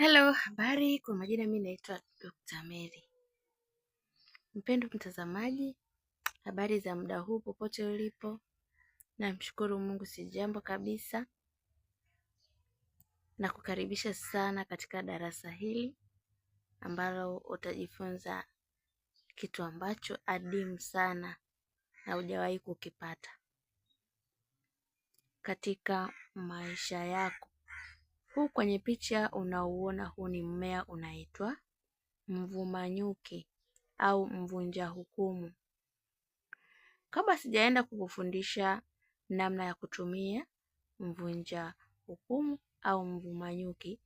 Hello, habari. Kwa majina mimi naitwa Dr. Mary. Mpendo mtazamaji, habari za muda huu popote ulipo, namshukuru Mungu si jambo kabisa, na kukaribisha sana katika darasa hili ambalo utajifunza kitu ambacho adimu sana na hujawahi kukipata katika maisha yako huu kwenye picha unaouona huu ni mmea unaitwa mvuma nyuki au mvunja hukumu. Kabla sijaenda kukufundisha namna ya kutumia mvunja hukumu au mvuma nyuki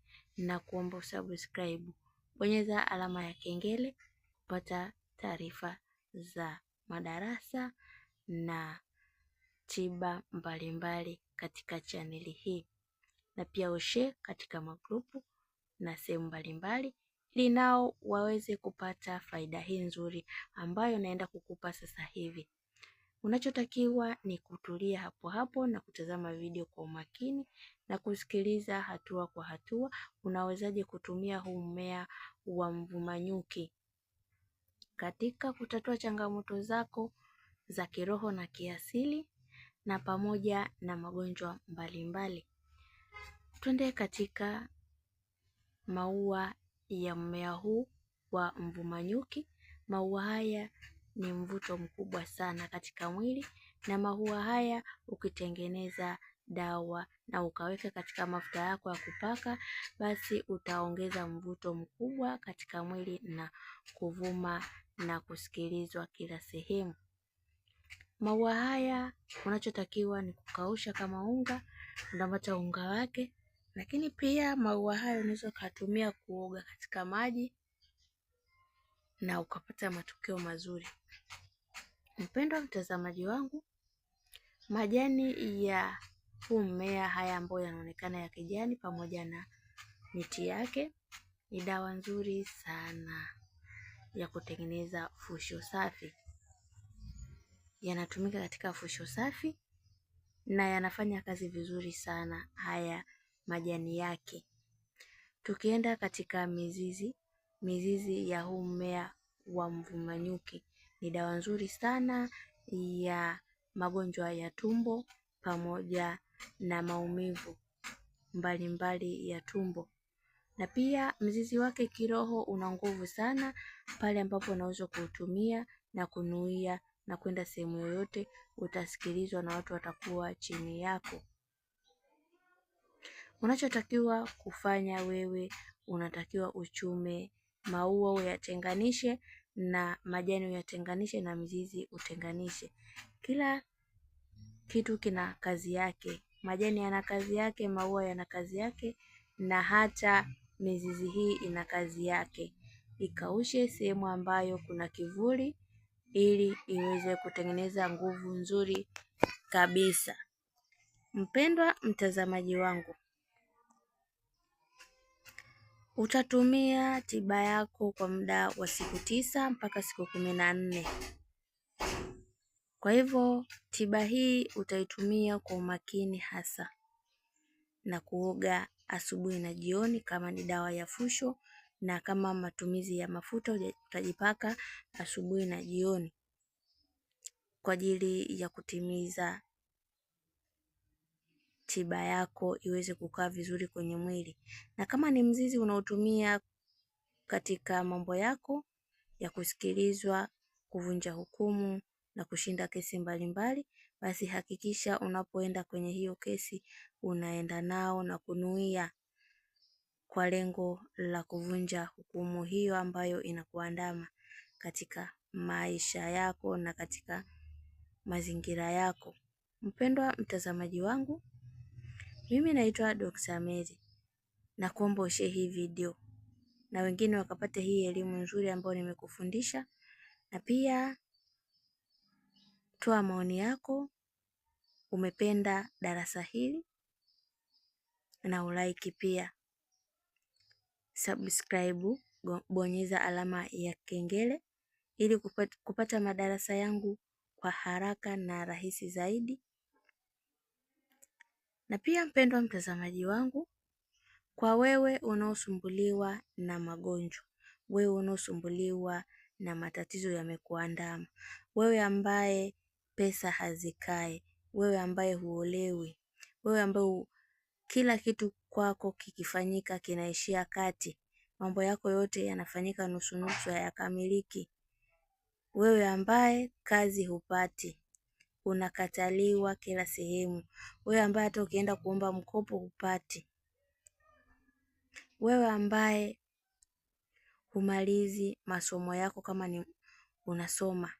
kuomba usubscribe. Bonyeza alama ya kengele kupata taarifa za madarasa na tiba mbalimbali katika chaneli hii na pia ushare katika magrupu na sehemu mbalimbali ili nao waweze kupata faida hii nzuri ambayo naenda kukupa sasa hivi. Unachotakiwa ni kutulia hapo hapo na kutazama video kwa umakini na kusikiliza hatua kwa hatua, unawezaje kutumia huu mmea wa mvumanyuki katika kutatua changamoto zako za kiroho na kiasili na pamoja na magonjwa mbalimbali. Twende katika maua ya mmea huu wa mvumanyuki. Maua haya ni mvuto mkubwa sana katika mwili na maua haya ukitengeneza dawa na ukaweka katika mafuta yako ya kupaka, basi utaongeza mvuto mkubwa katika mwili na kuvuma na kusikilizwa kila sehemu. Maua haya unachotakiwa ni kukausha kama unga, unapata unga wake lakini pia maua hayo unaweza ukatumia kuoga katika maji na ukapata matokeo mazuri. Mpendwa mtazamaji wangu, majani ya huu mmea haya ambayo yanaonekana ya kijani pamoja na miti yake ni dawa nzuri sana ya kutengeneza fusho safi. Yanatumika katika fusho safi na yanafanya kazi vizuri sana haya majani yake. Tukienda katika mizizi, mizizi ya huu mmea wa mvumanyuki ni dawa nzuri sana ya magonjwa ya tumbo pamoja na maumivu mbalimbali ya tumbo. Na pia mzizi wake kiroho una nguvu sana pale ambapo unaweza kuutumia na kunuia na kwenda sehemu yoyote utasikilizwa na watu watakuwa chini yako. Unachotakiwa kufanya wewe, unatakiwa uchume maua uyatenganishe na majani uyatenganishe na mizizi utenganishe. Kila kitu kina kazi yake. Majani yana kazi yake, maua yana kazi yake na hata mizizi hii ina kazi yake. Ikaushe sehemu ambayo kuna kivuli ili iweze kutengeneza nguvu nzuri kabisa. Mpendwa mtazamaji wangu, Utatumia tiba yako kwa muda wa siku tisa mpaka siku kumi na nne. Kwa hivyo tiba hii utaitumia kwa umakini hasa na kuoga asubuhi na jioni kama ni dawa ya fusho na kama matumizi ya mafuta utajipaka asubuhi na jioni kwa ajili ya kutimiza tiba yako iweze kukaa vizuri kwenye mwili, na kama ni mzizi unaotumia katika mambo yako ya kusikilizwa, kuvunja hukumu na kushinda kesi mbalimbali, basi hakikisha unapoenda kwenye hiyo kesi unaenda nao na kunuia kwa lengo la kuvunja hukumu hiyo ambayo inakuandama katika maisha yako na katika mazingira yako. Mpendwa mtazamaji wangu, mimi naitwa Dr. Mary. na kuomba ushe hii video na wengine wakapata hii elimu nzuri ambayo nimekufundisha, na pia toa maoni yako, umependa darasa hili na ulaiki pia subscribe, bonyeza alama ya kengele ili kupata madarasa yangu kwa haraka na rahisi zaidi na pia mpendwa mtazamaji wangu, kwa wewe unaosumbuliwa na magonjwa, wewe unaosumbuliwa na matatizo yamekuandama, wewe ambaye pesa hazikae, wewe ambaye huolewi, wewe ambaye kila kitu kwako kikifanyika kinaishia kati, mambo yako yote yanafanyika nusunusu, hayakamiliki, wewe ambaye kazi hupati, unakataliwa kila sehemu. Wewe ambaye hata ukienda kuomba mkopo hupati. Wewe ambaye humalizi masomo yako kama ni unasoma.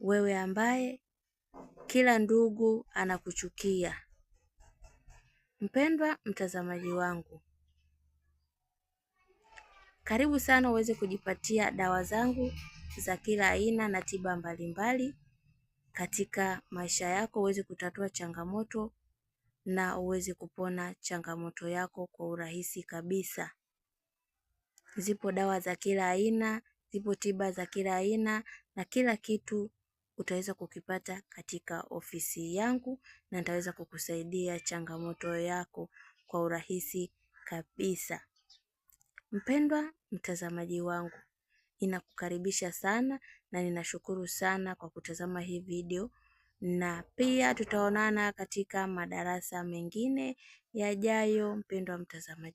Wewe ambaye kila ndugu anakuchukia. Mpendwa mtazamaji wangu, karibu sana uweze kujipatia dawa zangu za kila aina na tiba mbalimbali katika maisha yako uweze kutatua changamoto na uweze kupona changamoto yako kwa urahisi kabisa. Zipo dawa za kila aina, zipo tiba za kila aina na kila kitu utaweza kukipata katika ofisi yangu na nitaweza kukusaidia changamoto yako kwa urahisi kabisa. Mpendwa mtazamaji wangu, inakukaribisha sana na ninashukuru sana kwa kutazama hii video na pia tutaonana katika madarasa mengine yajayo mpendwa mtazamaji.